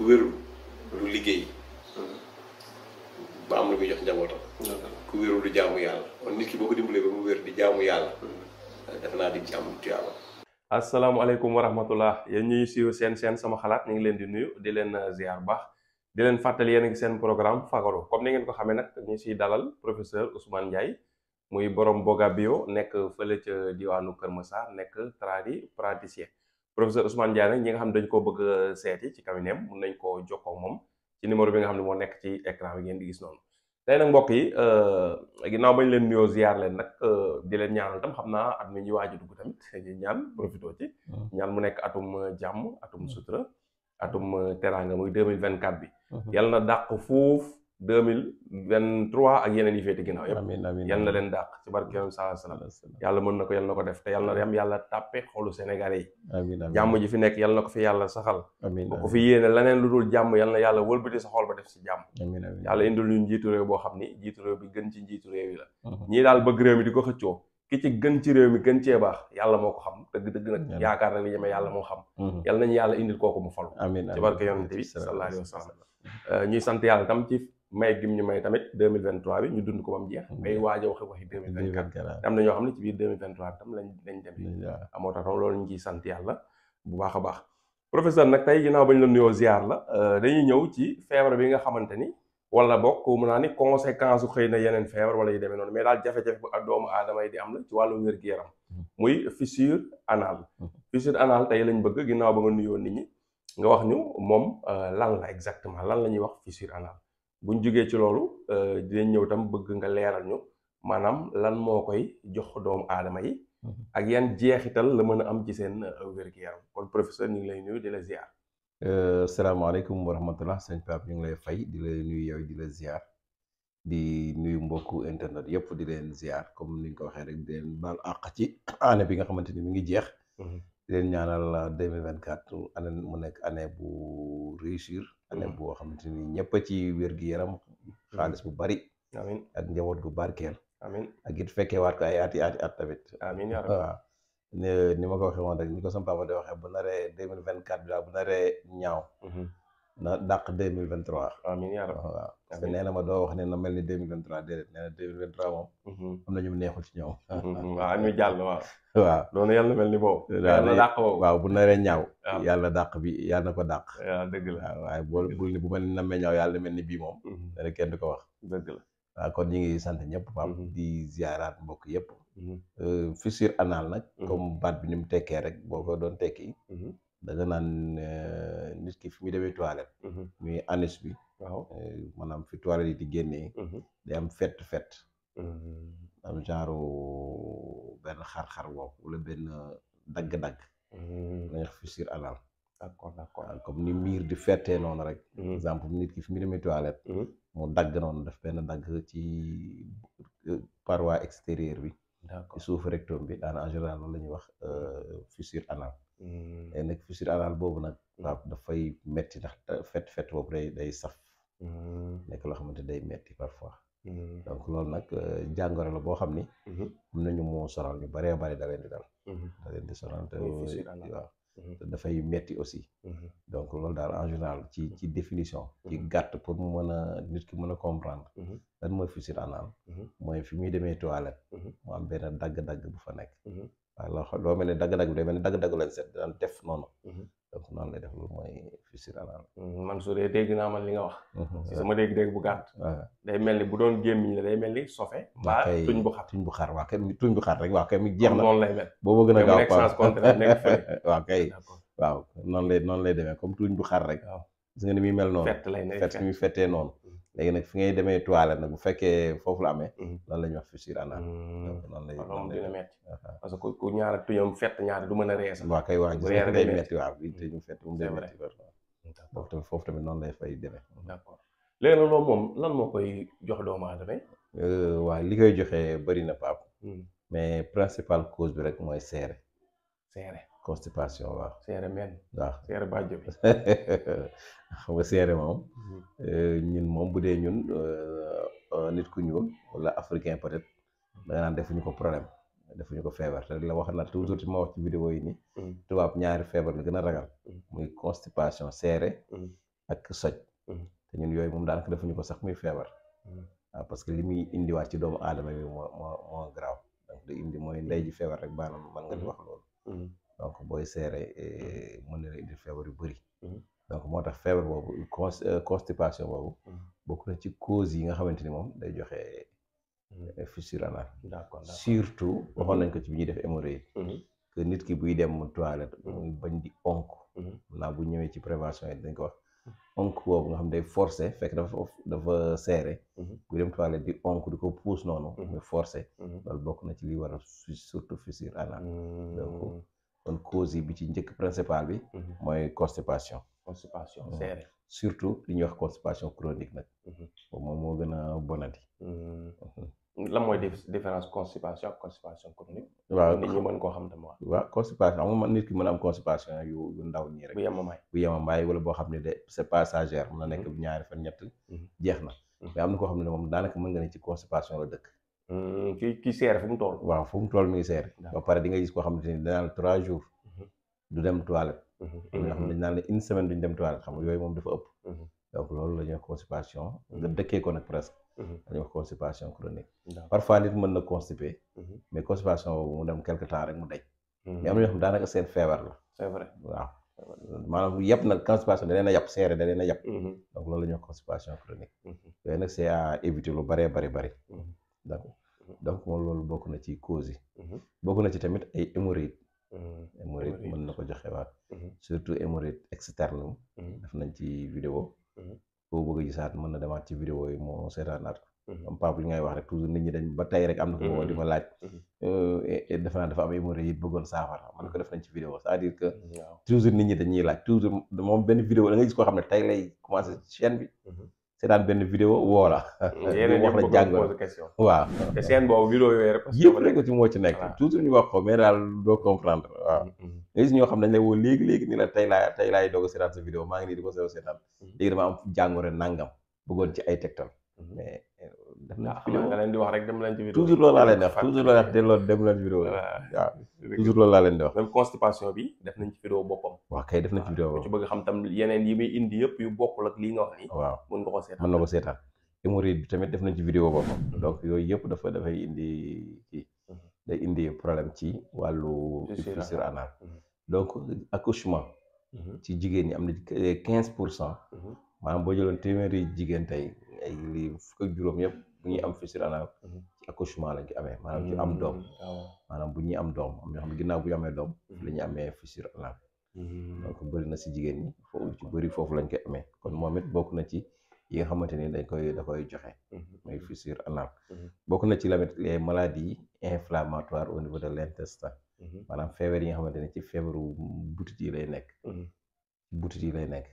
ku wérul lu liggéey ba am lu muy jox njabootam ku wérul du jaamu yàlla kon nit ki boo ko dimbalee ba mu wér di jaamu yàlla def naa di ci am tuyaaba asalaamaaleykum wa rahmatullah ñuy siiw seen seen sama xalaat ñu ngi leen di nuyu di leen ziar baax di leen fàttali yéen ngi seen programme fagaro comme ni ngeen ko xame nag ñu siy dalal professeur Ousmane Ndiaye muy borom Boga Bio nekk fële diwaanu Kër Massar nekk tradi praticien professeur Ousmane Ndiaye nag ñi nga xam ne dañ koo bëgg seeti ci cabinet am mun nañ koo jokkoo moom ci numéro bi nga xam ne moo nekk ci écran bi ngeen di gis yi euh, ginnaaw bañ leen nuyoo ziar leen nag euh, di leen ñaanal tam xam naa at mi ñu waaj a dugg tamit ñu ñaan profito ci hmm. ñaan mu nekk atum euh, jàmm atum hmm. sutura atum teraanga muy 2024 bi hmm. yàlla na dàq fuuf deux mille vingt trois ak yeneen yi féete ginnaaw yëpp yal na leen dàq ci barke yoon saa salaam yàlla mën na ko yi jàmm fi nekk yal na ko fi yàlla saxal boo ko fi yéene leneen lu dul jàmm yal na yàlla wëlbati sa xol ba def si jàmm yàlla indil boo xam ni njiitu réew bi gën ci njiitu réew yi la mhm. daal bëgg réew mi di ko xëccoo ki ci gën ci réew mi gën cee baax yàlla moo ko xam dëgg dëgg nag yaakaar na li ñeme yàlla moo xam mhm. yal nañu yàlla indil kooku mu falu ci barke yonent bi sallallahu euh, ñuy sant yàlla tam ci may gim ñu may tamit deux mille vingt trois bi ñu dund ko ba mu jeex. Mm-hmm. bay waaj a waxi deux mille vingt quatre am na ñoo xam ne ci biir deux mille vingt trois bi tam lañ lañ demee. waaw moo tax loolu ñu ciy sant yàlla bu baax a baax. professeur nag tey ginnaaw ba ñu la nuyoo ziar la euh, dañuy ñëw ci feebar bi nga xamante ni wala bokk mun naa ni conséquence su xëy na yeneen feebar wala yu demee noonu mais daal jafe-jafe bu doomu aadama yi di am la ci wàllu wér-gu-yaram. Mm-hmm. muy fissure anale. Mm-hmm. fissure anale tay lañ bëgg ginnaaw ba nga nuyoo nit ñi nga wax ñu moom euh, lan la exactement lan la ñuy wax fissure anale buñ jógee ci loolu euh, dinañ ñëw tam bëgg nga leeral ñu maanaam lan moo koy jox doomu aadama yi mhm. ak yan jeexital la mën a am ci seen euh, wér yaram kon professeur ñu ngi lay nuyu di la ziar euh, salaamaaleykum wa rahmatullah sëñ Pape ñu ngi lay fay di nuyu yow di la di nuyu mbokku internet yëpp di leen ziar comme ni ko waxee rek di baal àq ci année bi nga xamante ni mi ngi jeex mhm. leen ñaanal 2024 euh, année mu nekk année bu réussir. année mm. boo xamante ni ñëpp a ci wér gi yaram. Mm. xaalis bu bari. amiin ak njaboot gu barkeel. amiin ak it fekkee waat ko ay at i at i at tamit. amiin yaa rabbi ni ma ko waxee woon rek ni ko sama papa de waxee bu naree 2024 bi daal bu naree ñaaw. Mm-hmm. na dàq deux mille vingt trois. amiin yaa waaw parce que nee na doo wax ne na mel ni deux mille vingt na deux mhm. neexul ci ñoom. Mhm, waaw ñu jàll waaw. waaw loolu yàlla mel ni boobu. yàlla waaw bu naree ñaaw. Ah. yàlla dàq bi yàlla na ko dàq. waaw dëgg waaye boo bul ni bu mel ni namee ñaaw yàlla mel ni bii moom. Mhm. dana kenn du ko wax. dëgg la waaw kon ñu ngi sant ñëpp. Pape di ziaraat mbokk yëpp. Euh, fissure anale nag. comme baat bi ñu mu tekkee rek boo ko doon tekki. da naan euh, nit ki fi muy demee toilette. Mhm. muy anus bi. waaw euh, maanaam fi toilette yi di génnee. Mhm. day am fett fett. Mhm. am genre benn xar-xar boobu wala benn dagg-dagg. dañuy wax fissure anal. d'accord d'accord comme ni miir di fettee noonu rek. exemple nit ki fi mu demee toilette. mu dagg noonu def benn dagg ci euh, paroi extérieure bi. ci suuf rectum bi daana en général loolu la ñuy wax euh, fissure anale léegi hmm. nag fissure anale boobu nag hmm. waaw dafay metti ndax euh, fet fet boobu day saf hmm. nekk loo xamante day metti parfois donc loolu nag euh, jàngoro la boo xam ni am nañu moo sonal ñu baree bari da leen di daal da leen di sonal te waaw Mhm. dafay metti aussi. Mhm. donc loolu daal en général ci mhm. ci définition. ci gàtt pour mu mën a nit ki mën a comprendre. lan mooy fissure anale. mooy fi muy demee toilette. mu am benn dagg-dagg bu fa nekk. waaw loo xam loo mel ne dagg-dagg bi day mel ne dagg-dagg lañ set daan def noonu. donc noonu lay def loolu mooy fissure anal. Hmm, man su dee dégg naa man li nga wax. Mhm. si sama dégg-dégg bu gàtt. day mel ni bu doon gémmiñ la day mel ni sofe. waa kay tuñ bu xar tuñ bu xar waa kay tuñ bu xar rek waa kay mi jeex na. noonu lay mel boobu gën a gaaw nekk waa kay waaw noonu lay noonu lay demee comme tuñ bu xar rek. gis nga ni muy mel noonu fett lay nekk fett muy fettee noonu mm. léegi nag fi ngay demee toilette nag bu fekkee foofu la amee mm. loolu la ñuy wax fissure anale mm. donc noonu lay loolu dina metti parce que ñaara tuñam fett ñaara du mën a rees waaw kay waa gis day metti waaw bi te ñu fett mu day metti foofu tamit foofu tamit noonu lay fay demee d'accord léegi nag loolu moom lan moo koy jox doomu aadama euh, waaw li koy joxee bëri na paap mais principale cause bi rek mooy seere seere constipation waaw. seere meen waaw seere bàjjo bi xam nga seere moom. Mhm. Eh, ñun moom bu dee ñun eh, nit ku ñuul wala africain peut-être da nga naan defuñu ko problème defuñu ko feebar te la wax na toujours ci ma wax ci vidéo yi ni mhm. tubaab ñaari feebar la gën a ragal. Mhm. muy constipation seere. ak soj. te ñun yooyu moom daanaka defuñu ko sax muy feebar. waaw parce que li muy indiwaat ci doomu aadama bi moo moo moo donc da indi mooy ndey ji feebar rek baanaam man nga di wax loolu. donc booy seere mën mm-hmm. eh, na la feebar yu bëri. Mm-hmm. donc moo tax feebar boobu eh, constipation boobu. Mm-hmm. bokk na ci cause yi nga xamante ni moom day joxe eh, fissure anale. d'accord surtout waxoon nañ ko ci bi ñuy def hémorroïde. nit ki buy dem toilette. muy bañ di onk. bu ñëwee ci prévention yi dañ ko wax. onk boobu nga xam day forcé fekk dafa dafa serré. buy dem toilette onk di ko pousse noonu. bokk na ci li war surtout fissure anale. donc kon cause yi bi ci njëkk principal bi. Mhm. mooy constipation. constipation mhm. serré. surtout li ñuy wax constipation chronique nag. Mhm. boobu moom moo gën a bonadi la mooy différence constipation ak constipation chronique. waaw nit koo xam tam waaw constipation xam nga nit ki mën am constipation yu ndaw ñii rek. bu yemamaay bu yemamaay wala boo xam ne de c'est passagère mën na nekk ñaari fan ñett. jeex na mais am na koo xam ne moom daanaka mën nga ne ci constipation la dëkk. Mm, ki ki seer fu mu tool waaw fu mu tool mi ngi seer ba pare di nga gis koo xamante ni danaan trois jours mm-hmm. du dem toilette mm-hmm. nga dañ naan la une semaine duñ dem toilette xam nga yooyu moom dafa ëpp mm-hmm. donc loolu la ñuy wax constipation nga dëkkee ko nag presque la ñuy wax constipation chronique na constipé mais constipation mu dem quelque temps rek mu daj mais am feebar la c'est vrai waaw maanaam yàpp nag constipation da leen a yàpp seere da leen a yàpp donc loolu la ñuy chronique yooyu nag c'est à lu baree bëri bari donc moom loolu bokk na ci causes yi. Mhm. bokk na ci tamit ay hémorroïdes. Mhm. hémorroïdes mën na ko joxe waa mhm. surtout hémorroïdes externe. def nañ ci vidéo. boo bëgg a mën na demaat ci vidéo yi moo seetaanaat ko. am pap li ngay wax rek toujours nit ñi dañ ba tey rek am na ko di ma laaj euh, defe naa dafa am hémorroïdes yi bëggoon saafara man ko def nañ ci vidéo c'est-à-dire que toujours nit ñi dañuy laaj toujours moom benn vidéo da nga gis koo xam ne tey lay commencé chaîne bi seetaan benn vidéo woo la. Mm, yéen wax la jàngal waaw. te seen boobu yëpp nekk ci moo ci nekk. toujours ñu wax ko mais daal doo comprendre waaw. Mm, mm. nga gis ñoo xam dañ lay woo léegi léegi ni la tey laa tey laay doog a seetaan sa vidéo maa ngi nii di ko seetaan. léegi dama am jàngoro nangam bëggoon ci ay tegtal. mais eh, def nañ ci ah, vidéo nga di wax rek dem leen ci vidéo toujours loolu laa leen di wax toujours loolu laa delloo laa leen di wax même bi def nañ ci vidéo boppam waaw kay def nañ ci vidéo boppam ci bëgg xam yi muy indi yëpp yu bokkul ak lii nga wax nii waaw mën nga ko seetaan mën na ko seetaan hémorroïde bi tamit def nañ ci vidéo boppam mhm. donc yooyu yëpp dafa dafay indi ci mhm. day indi problème ci wàllu fissure anale mhm. donc accouchement ci jigéen ñi am na quinze pour cent maanaam boo jëloon téeméeri jigéen tey ay lii fukk juróom yëpp bu ñuy am fistule anal mhm. ci accouchement la gi amee maanaam ci am hmm, doom maanaam bu ñuy am doom am ñoo xam ne ginnaaw bu ñu amee doom la ñuy mhm. amee fistule anal hmm. donc bëri na si jigéen ñi ci bëri foofu lañ koy amee kon moom bokk na ci yi nga xamante ni dañ koy da koy joxe mooy fistule anal bokk na ci tamit les maladies inflammatoires au niveau de l'intestin mhm. maanaam feebar yi nga xamante ne ci feebaru butit yi lay nekk butit yi lay nekk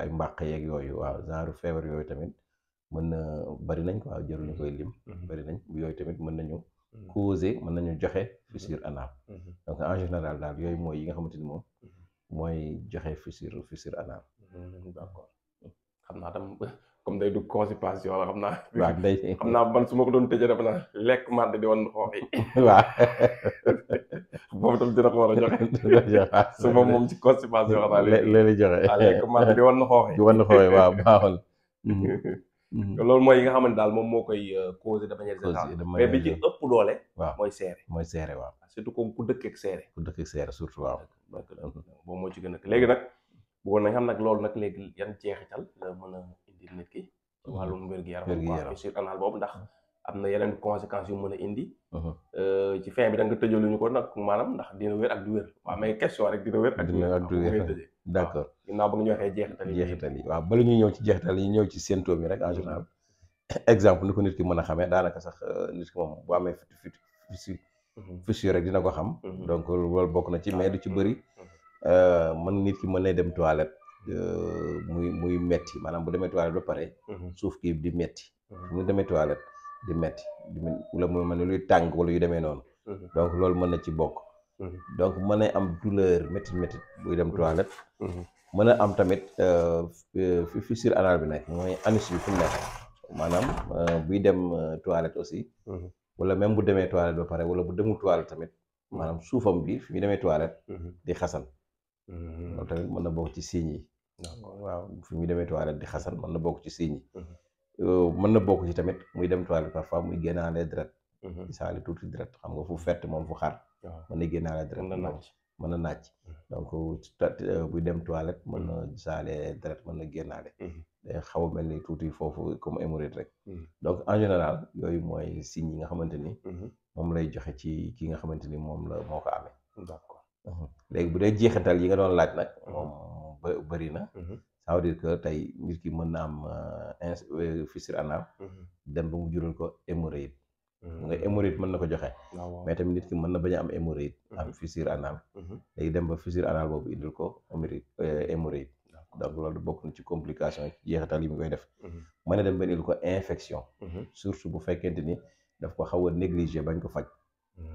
ay mbàq yeeg yooyu waaw genre feebar yooyu tamit mën na bari nañ quoi jëruñu koy lim. Mhm. bari nañ yooyu tamit mën nañu. Mhm. causer mën nañu joxe mhm. fissure anal. donc général daal yooyu mooy yi nga xamante ni moom. mooy joxe fissure fissure anal. d'accord xam naa tam comme day du constipation la xam naa. waaw xam naa man su ma ko doon tëjee dafa naa lekk màdd di woon xoox yi. waaw boobu tam dina ko a joxe. Mm-hmm. loolu mooy yi nga xamante daal moom moo koy euh, causé de manière générale mais bi ci ëpp doole waaw mooy seere mooy seere waaw ah, surtout comme ku dëkk ak seere ku dëkk ak seere surtout waaw mm-hmm. boobu moo ci gën a léegi nag bëggoon nañ xam nag loolu nag léegi yan jeexital la mën a indi nit ki mm-hmm. wàllum wér-gu-yaram sur anal boobu ndax am na yeneen conséquences yu mën a indi euh, ci fin bi da nga ñu ko nag maanaam ndax dina wér ak du wér waaw mais question rek dina wér ak du wér d'accord ginnaaw bu ñu waxee jeexital yi jeexital yi waaw bala ñuy ñëw ci jeexital yi ñëw ci symptôme yi rek en ko nit ki mën a xamee daanaka sax euh, nit ki moom bu amee fissure mhm. rek dina ko xam mhm. donc loolu bokk na ci mais du ci mhm. bëri euh, mën nit ki mën na dem toilette euh, muy muy metti maanaam bu demee toilette ba pare suuf kii di metti mu demee toilette di metti di wala mu mel ne luy tàng wala yu demee noonu donc loolu mën na ci bokk donc mën na am douleur métti métti buy dem toilette mën a am tamit euh, fi fissure anale bi nekk mooy anus bi fu mu nekk maanaam euh, buy dem euh, toilette aussi mhm. wala même bu demee toilette ba pare wala bu demul toilette tamit maanaam suufam bi fi mu demee toilette mhm. di xasan mhm. loolu tamit mën na bokk ci signe yi waaw fi muy demee toilette di xasan mën na bokk ci signe yi mën na bokk ci tamit muy dem toilette parfois muy génnaale deret di saali tuuti deret xam nga fu fett moom fu xar mën na na deret mën na naaj donc buy dem toilette mën na mm-hmm. saale dret mën na génnaale day mm-hmm. xaw a mel ni tuuti foofu comme hémorroïde rek mm-hmm. donc en général yooyu mooy signes yi nga xamante ni moom lay joxe ci ki nga xamante ni moom la moo ko amee léegi bu dee jeexantal yi nga doon laaj nag moom bëri na ça veut dire que tey nit ki mën na am euh, euh, fissure anal dem ba mu jural ko hémorroïde mu mm-hmm. ne mën na ko joxe. mais tamit nit ki mën na bañ a am hémorroïde. Mm-hmm. am fissure anale. Mm-hmm. léegi dem ba fissure anale boobu indil ko hémorroïde euh, hémorroïde. donc loolu bokk na ci complication jeexital yi mu koy def. mën a dem ba indil ko infection. surtout bu fekkente ni daf ko xaw a négligé bañ ko faj.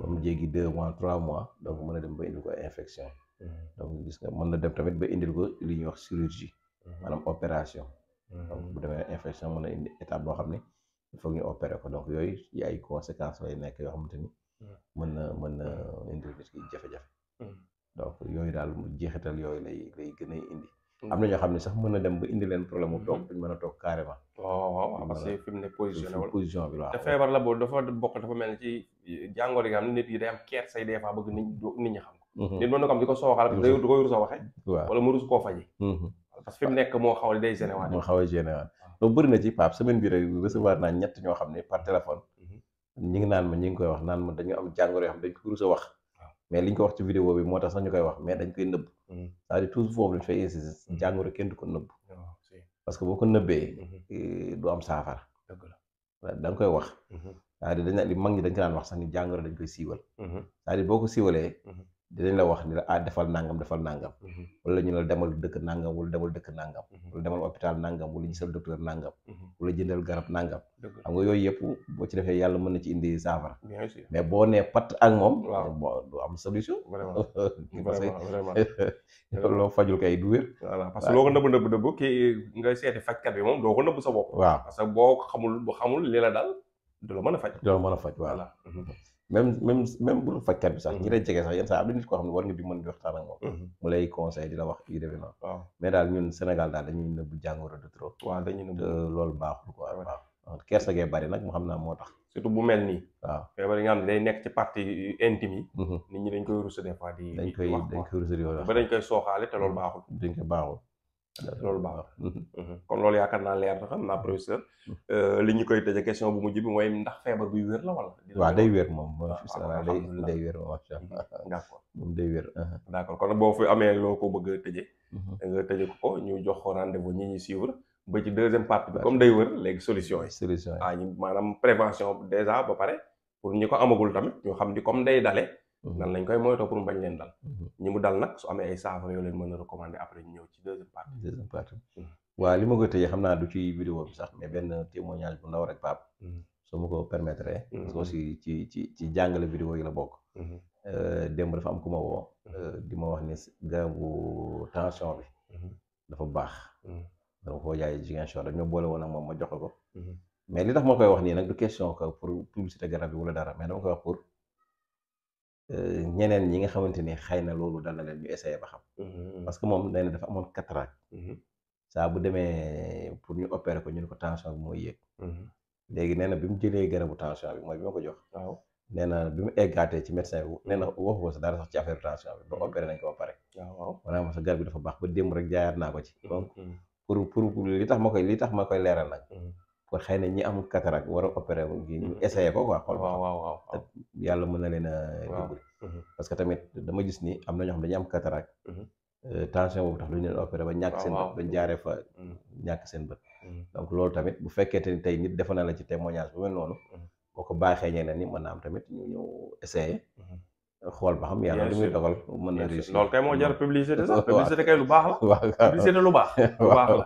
ba mu jéggi deux mois trois mois donc mën a dem ba indil ko infection. donc gis nga mën na dem tamit ba indil ko li ñuy wax chirurgie. maanaam opération. donc bu demee infection mën a indi état boo xam ne. foog faut ñu opérer ko donc yooyu yi ay conséquence lay nekk yoo xamante ni. Hmm. mën na mën na hmm. indi jafe-jafe. Hmm. donc yooyu daal mu jeexital yooyu lay lay gën a indi. am na ñoo xam ne sax mën na dem ba indi leen problème mu toog duñ mën a toog carrément. waaw fi mu ne position position bi waaw. te feebar la boobu dafa bokk dafa mel ni ci jàngoor yi nga nit yi day am keer say des fois bëgg nit ñi xam ko. nit mën na ko am di ko sooxal. da koy rus a waxee. wala mu rus koo faji parce que fi mu nekk moo xaw a day gêné moo xaw a gêné waat loolu bëri ci Pape semaine bi rek recevoir naa ñett ñoo xam ne par téléphone mhm. ñi naan ma ñi ngi koy wax naan ma dañu am jàngoro yoo xam dañ ko ko wax ci vidéo bi moo tax sax ñu koy wax mais dañ koy nëbb mhm. cest mhm. du ko nëbb oh, parce que boo ko nëbbee eh, du am saafara da nga koy wax c'est-à-dire dañ li mag ñi dañ ko daan wax sax ni jàngoro dañ koy siiwal cest à boo ko siiwalee dinañ la wax ni la ah defal nangam defal nangam. Mhm. wala ñu la demal dëkk nangam wala demal dëkk nangam. Mhm. wala demal hôpital nangam wala gisal docteur nangam. Mhm. wala jëndal garab nangam. xam nga yooyu yëpp boo ci defee yàlla mën na ci indi saafara. bien sûr mais boo nee pat ak moom. waaw du am solution. vraiment vraiment vraiment. loo fajul kay du wér. voilà parce que loo ko nëbb nëbb nëbb kii nga seeti fajkat bi moom doo ko nëbb sa bopp. waaw parce que boo xamul boo xamul li la daal du la mën a faj. du mën a faj voilà. même même même bu fajkat bi sax ñi mm-hmm. lay jege sax yenn saa am na nit koo xam ne war nga di mën di waxtaan ak moom mm-hmm. mu lay conseil di la wax yu demee noonu mais daal ñun Sénégal daal dañuy nëbb jàngoro de trop waaw dañuy nëbb loolu baaxul quoi waaw kersa gee bari nag mu xam naa moo tax surtout bu mel nii waaw feebar yi nga xam ne day nekk ci partie intime yi mm-hmm. nit ñi dañ koy rusa des fois di dañ koy dañ koy rusa di ba dañ koy sooxaale te loolu baaxul dañ koy baaxul loolu baax na. Mhm. Mhm. kon loolu yaakaar naa leer na xam naa professeur. Mhm. Euh, li ñu koy tëjee question bu mujj bi mooy ndax feebar buy wér la wala. Ah, waaw day wér moom. waaw day day wér moom macha allah. d' d' accord kon boo fi amee loo ko bëgg a tëjee. nga tëjee ko ñu jox rendez vous ñi ñuy suivre. ba ci deuxième part bi comme day wër léegi solution yi. solution yi ah prévention déjà ba pare pour ñi ko amagul tamit ñu xam ni comme day dale. nan lañ koy moytoo pour mu bañ leen dal. ñi mu dal nag su amee ay saafara yoo leen mën a recommander après ñëw ci deuxième partie. deuxième partie waaw li ma ko tëjee xam naa du ci vidéo bi sax mais benn témoignage bu ndaw rek ma ko permettre. parce que aussi ci ci ci jàngale vidéo yi la bokk. Euh, démb dafa am ku ma woo. Euh, di ma wax ni garabu tension bi. dafa baax. dama koo jaay Ziguinchor dañoo boole woon ak moom ma jox ko. mais li tax ma koy wax nii nag du question que pour publicité garab bi wala dara mais dama koy wax pour. ñeneen ñi nga xamante ni xëy na loolu dal na leen ñu essayé ba xam. Mm-hmm. parce que moom nee na dafa amoon cataracte. Mm-hmm. saa bu demee pour ñu opérer ko ñu ne ko tension bi mooy mm-hmm. léegi nee na bi mu jëlee garabu tension bi mooy bi ma ko jox. waaw nee na bi mu eggaatee ci médecin bi nee na waxu ko sa dara sax ci affaire tension bi ba opéré nañ ko pare. waaw maanaam sa garab bi dafa baax ba démb rek jaayaat naa ko ci. donc pour pour li tax ma koy li tax ma koy leeral nag. kon xëy na ñi amul cataracte war a opéré wu ñu mhm. essayé ko quoi xool waaw yàlla mën na leen a mhm. parce que tamit dama gis ni am na ñoo xam dañu am cataracte mhm. euh, tension boobu tax lu ñu leen opéré ba ñàkk seen bët bañ jaaree fa ñàkk seen bët donc loolu tamit bu fekkente ni tey nit defa na la ci témoignage bu mel noonu boo ko baaxee ne ni mën na am tamit ñu ñëw essayé xool ba xam yàlla lu muy dogal mën na réussir loolu kay moo jar lu baax la lu baax lu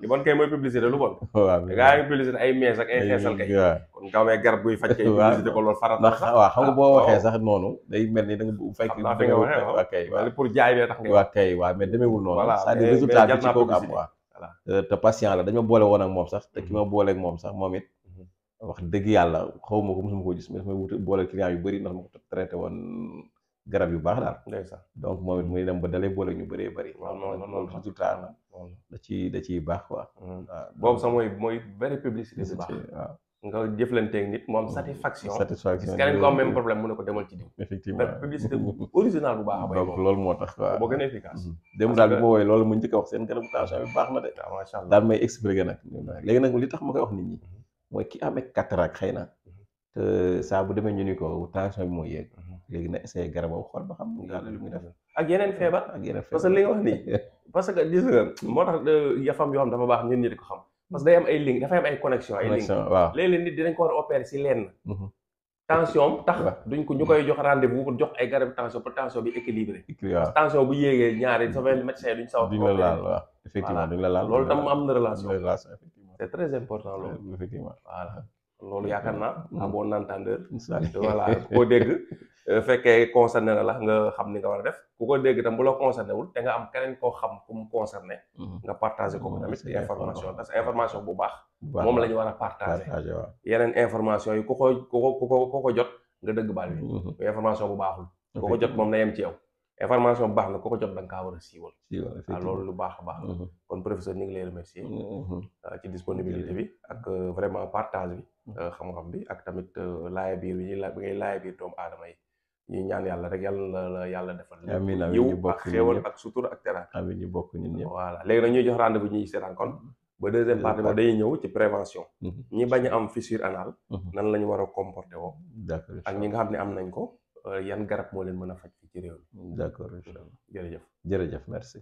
li bon kay mooy publicité lu bon waaw gaa ay mees ak ay xeesal kay kon nga amee garab buy faj kay publicité ko loolu farat nga boo ah, waxee sax noonu day ni da nga bu fekk nga waa kay waaw pour jaay bee tax nga waa kay waaw mais demeewul noonu c'est-à-dire résultat bi ci kooku am waa euh, patient la dañ ma boole woon ak moom sax te ki mhm. ma boole moom sax moom it wax dëgg yàlla xaw ma ko mosuma ko gis mais dafay wute boole client yu bëri ndax ma ko traité woon garab yu baax daal. ndeysaan donc moom it muy dem ba dalay boole ñu bëree bëri. waaw loolu loolu résultat la da ciy da ciy baax quoi. waaw hmm. ah, boobu sax mooy mooy bëri publicité bu baax. waaw nga jëflanteeg nit mu am satisfaction. Hmm. satisfaction gis keneen ko am même problème mu ne ko demal ci diw. effectivement publicité bu a hmm. a wax na de. waaw ah, macha nag. léegi nag li tax ma koy wax nit ñi mooy ki amee cataracte xëy na mm-hmm. te saa bu demee ñu ni ko tension bi mooy yéeg mm-hmm. léegi na essayé garabam xool ba xam mm-hmm. nga moo tax euh, yafam yoo xam dafa baax ñun ñi di ko xam parce que day am ay link dafay am ay connexion ay link waaw léeg-léeg nit dinañ ko war a opérer si lenn tension tax duñ ko ñu koy jox rendez-vous pour jox ay garab tension pour tension bi équilibré tension bu yéegee ñaari sa médecin duñ saw duñ la laal waaw effectivement duñ la laal loolu tam c'est très important loolu. effectivement voilà. loolu yaakaar naa. en bon entendeur. voilà ku ko dégg. fekkee concerné na la nga xam ni nga war a def ku ko dégg tam bu la concerné wul te nga am keneen koo xam ku mu concerné. nga partagé ko tamit information parce que information bu baax. moom la ñu war a partagé. yeneen information yi ku ko ku ko ku ko jot nga dëgg baal bi. information bu baaxul. ku ko jot moom na yem ci yow. information bu baax na ku ko jot da nga kaa war a siiwal. siiwal loolu lu baax a baax la. Mm-hmm. kon professeur ñu ngi lay remercier. Mm-hmm, mm-hmm. Euh, ci disponibilité bi ak euh, vraiment partage bi. Euh, xam-xam bi ak tamit laaya biir bi ñuy la bi ngay laaya biir doomu aadama yi. ñuy ñaan yàlla rek yàlla la yàlla defal. amiin amiin ñu bokk ñun ñëpp xéewal ak sutura ak teraanga. amiin ñu bokk ñun ñëpp. voilà léegi nag ñuy jox rendez-vous ñuy seetaan kon. ba deuxième partie ba dañuy ñëw ci prévention. ñi bañ a am fissure anale. nan la ñu war a comporter woo. ak ñi nga xam ne am nañ ko. yan garab moo leen mën a faj fii ci réew mi. d' accord incha allah jërëjëf jërëjëf merci.